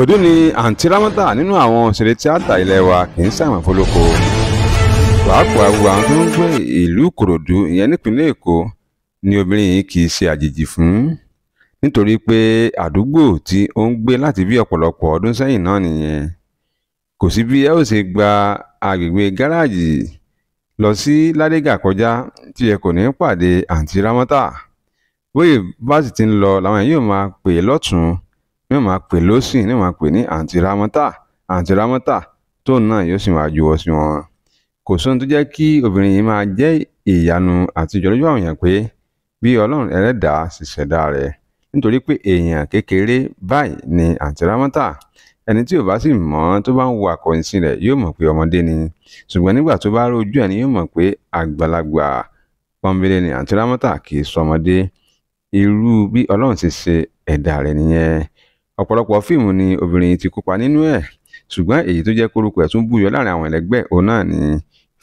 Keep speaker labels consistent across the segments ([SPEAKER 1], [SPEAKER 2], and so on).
[SPEAKER 1] òdú ni àǹtí rámọ́tà nínú àwọn òṣèré tíátà ilé wa kì í sàmà fọlọ́kọ pàápàá wo àwọn tó ń gbé ìlú Ìkòròdú ìyẹn nípínlẹ̀ Èkó ni obìnrin yìí kì í ṣe àjèjì fún nítorí pé àdúgbò tí ó ń gbé láti bí ọ̀pọ̀lọpọ̀ ọdún sẹ́yìn náà nìyẹn kò sí bí ẹ ó ṣe gba agbègbè gáràjì lọ sí Ládégà kọjá tí ẹ kò ní pàdé àǹtí rámọ́tà bóyè bá sì ti ń lọ làwọn yóò máa pè é lọ́tùn ní màá pè lọ́sìn ní màá pè ní àǹtí ramọ́tà àǹtí ramọ́tà tóun náà yóò sì máa juwọ́ sí wọn. kò sóhun tó jẹ́ kí obìnrin yìí máa jẹ́ ìyanu àti ìjọlójú àwọn èèyàn pé bí ọlọ́run ẹlẹ́dàá sì ṣẹ̀dá rẹ̀ nítorí pé èèyàn kékeré báyìí ni àǹtí ramọ́tà ẹni tí ò bá sì mọ̀ tó bá ń wo àkọ́yìnsìn rẹ̀ yóò mọ̀ pé ọmọdé ni ṣùgbọ́n nígbà tó bá rójú ẹ̀ ni yóò mọ̀ pé àgbàlagbà pọ́nbélé ni àǹtí rámọ́tà kì í sọmọdé irú bí ọlọ́run ti ṣe ẹ̀dá rẹ̀ nìyẹn ọ̀pọ̀lọpọ̀ fíìmù ni obìnrin ti kópa nínú ẹ̀ ṣùgbọ́n èyí tó jẹ́ kórúkọ ẹ̀ tún búyọ láàrin àwọn ẹlẹgbẹ́ òun náà ni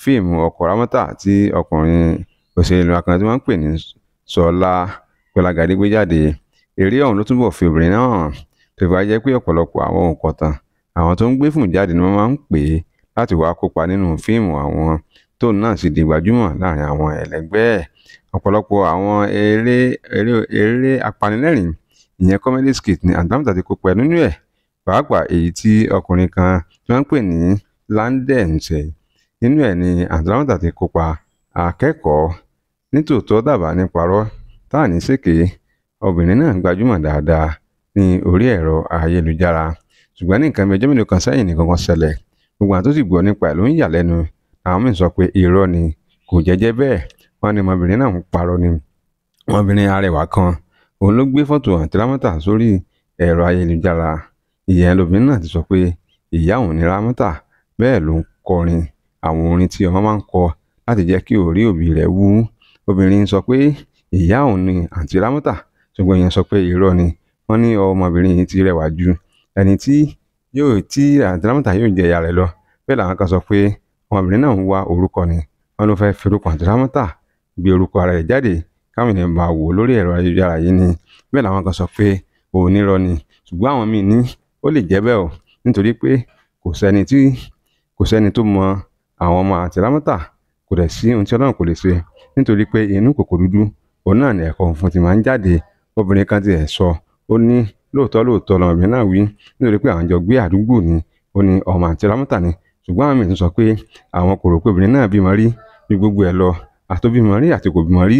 [SPEAKER 1] fíìmù ọkọ̀ ramọ́tà tí ọkùnrin òṣèlú akọni tí wọ́n ń pè ní sọlá gbọlagadé gbé jáde eré ọ̀hún ló túnbọ̀ fi obìnrin náà hàn tó fi wá jẹ́ pé ọ̀pọ̀lọpọ̀ àwọn òǹkọ̀tàn àwọn tó ń gbé fún jáde ni wọ́n máa ń pè é láti wá kópa nínú fíìmù àwọn tóun náà sì di gbajúmọ̀ láàrin àwọn ẹlẹgbẹ́ ọ̀pọ̀lọpọ̀ àwọn eré eré eré apanilẹ́rìn ìyẹn comedy skit ni àdámọ̀tàdé kópa nínú ẹ̀ pàápàá èyí tí ọkùnrin kan tí wọ́n ń pè ní Landen ṣe nínú ẹ̀ ni àdámọ̀tàdé kópa akẹ́kọ̀ọ́ nítòótọ́ dábàá ní parọ́ tá à ní ṣèké obìnrin náà gbajúmọ̀ dáadáa ní orí ẹ̀rọ ayélujára ṣùgbọ́n ní nǹkan mẹ́jọ mélòó kan sẹ́yìn ní gangan ṣẹlẹ̀ gbogbo àwọn tó sì gbọ́ nípa ẹ̀ ló ń yà lẹ́nu àwọn mìíràn sọ pé irọ́ ni kò jẹ́jẹ́ bẹ́ẹ̀ wọ́n ní ọmọbìnrin náà ń parọ́ ni ọmọbìnrin arẹwà kan òun ló gbé fọ́tò àǹtí rámọ́tà sórí ẹ̀rọ ayélujára ìyẹn lóbìnrin náà ti sọ pé ìyá òun ni rámọ́tà bẹ́ẹ̀ ló ń kọrin àwọn orin tí ọmọ máa ń kọ láti jẹ́ kí òrí òbí rẹ̀ wú obìnrin sọ pé ìyá òun ni àǹtí rámọ́tà ṣùgbọ́n ìyẹn sọ pé irọ́ ni wọ́n ní ọmọbìnrin yìí ti rẹwà ju ẹni tí yóò tí àǹtí yóò jẹ ìyá rẹ̀ lọ bẹ́ẹ̀ làwọn kan sọ pé ọmọbìnrin náà ń wá orúkọ ni wọ́n ló fẹ́ fi orúkọ àǹtí gbé orúkọ ara rẹ̀ jáde káwọn ènìyàn máa wò lórí ẹ̀rọ ayélujára yìí ni bẹ́ẹ̀ làwọn kan sọ pé onírọ́ ni ṣùgbọ́n àwọn míì ní ó lè jẹ́ bẹ́ẹ̀ o nítorí pé kò sẹ́ni tí kò sẹ́ni tó mọ àwọn ọmọ àtìrámọ́tà kò dẹ̀ sí ohun tí ọlọ́run kò lè ṣe nítorí pé inú kòkò dúdú òun náà ni ẹ̀kọ́ funfun ti máa ń jáde obìnrin kan ti ẹ̀ sọ ó ní lóòótọ́ lóòótọ́ lọ́mọbìnrin náà wí nítorí pé àwọn jọ gbé àdúgbò ni ó ní ọmọ àtìrámọ́tà ni ṣùgbọ́n àwọn mìíràn sọ pé àwọn kò obìnrin náà bímọ rí ní gbogbo ẹ̀ lọ àtòbímọ rí àti rí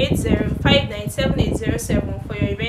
[SPEAKER 1] 480 597 for your